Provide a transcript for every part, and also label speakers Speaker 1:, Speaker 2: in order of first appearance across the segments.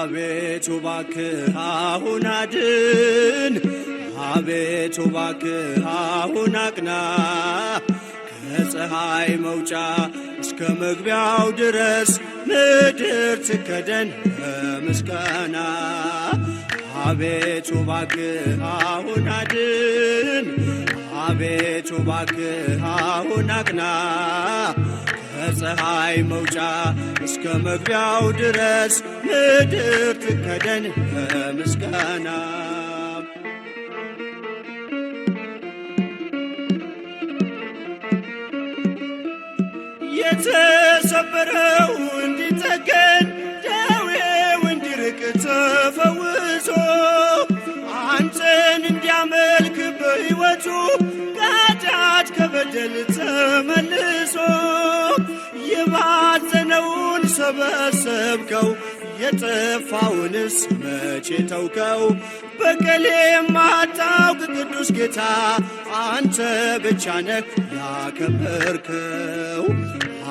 Speaker 1: አቤቱ ባክህ አሁን አድን፣ አቤቱ ባክ አሁን አቅና፣ ከፀሐይ መውጫ እስከ መግቢያው ድረስ ምድር ትከደን በምስጋና። አቤቱ ባክህ አሁን አድን፣ አቤቱ ባክህ አሁን አቅና ከፀሐይ መውጫ እስከ መግቢያው ድረስ ምድር ትከደን በምስጋና
Speaker 2: የተሰበረው እንዲጠገን ደዌው እንዲርቅ ተፈውሶ አንተን እንዲያመልክ በሕይወቱ ከኃጢአት ከበደል ተመልሶ የተባዘነውን ሰበሰብከው፣ የጠፋውንስ መቼ ተውከው? በቀሌ ማታውቅ ቅዱስ ጌታ አንተ ብቻ ነህ ያከበርከው።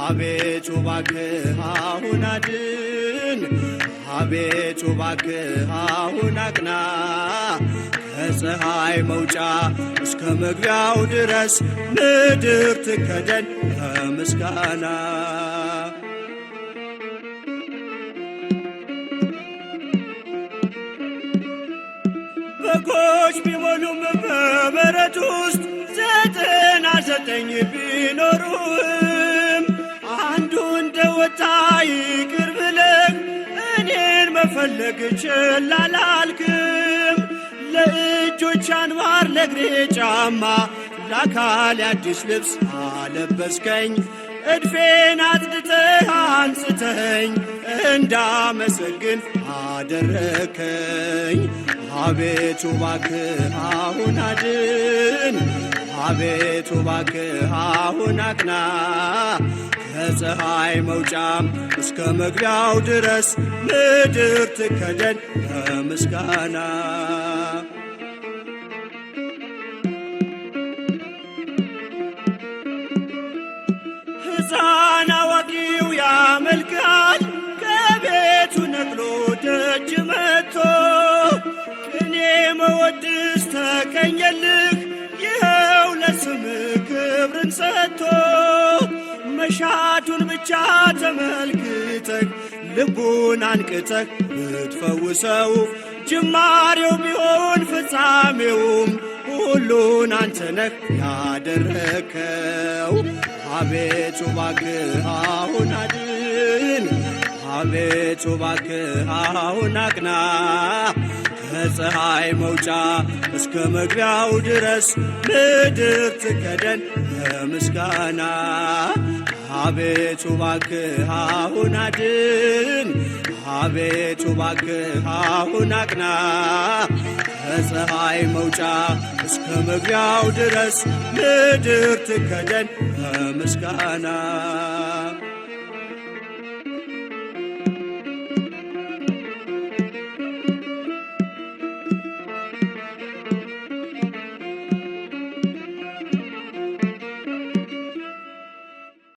Speaker 2: አቤቱ ባክህ አሁን አድን አቤቱ ባክህ አሁን አቅና ከፀሐይ መውጫ እስከ መግቢያው ድረስ ምድር ትከደን ከምስጋና
Speaker 3: በጎች ቢሞሉም በበረት ውስጥ ዘጠና ዘጠኝ እንደፈለግ ችላ ለእጆች አንባር ለእግሬ ጫማ ለአካል አዲስ ልብስ አለበስከኝ። እድፌን አጥድተህ አንጽተኝ እንዳመሰግን አደረከኝ። አቤቱ ባክህ አሁን አድን፣ አቤቱ ባክህ አሁን አቅና ከፀሐይ መውጫም እስከ መግቢያው ድረስ ምድር ትከደን በምስጋና
Speaker 4: ሕፃን አዋቂው ያመልካል ከቤቱ ነቅሎ ደጅ መጥቶ ቅኔ መወድስ ተቀኘልን መሻቱን ብቻ ተመልክተህ ልቡን አንቅተህ ብትፈውሰው ጅማሬው ቢሆን ፍጻሜውም ሁሉን አንተነህ ያደረከው። አቤቱ እባክህ አሁን አድን፣ አቤቱ እባክህ አሁን አቅና፣ ከፀሐይ መውጫ እስከ መግቢያው ድረስ ምድር ትከደን በምስጋና አቤቱ እባክህ አሁን አድን፣ አቤቱ እባክህ አሁን አቅና፣ ከፀሐይ መውጫ እስከ መግቢያው ድረስ ምድር ትከደን በምስጋና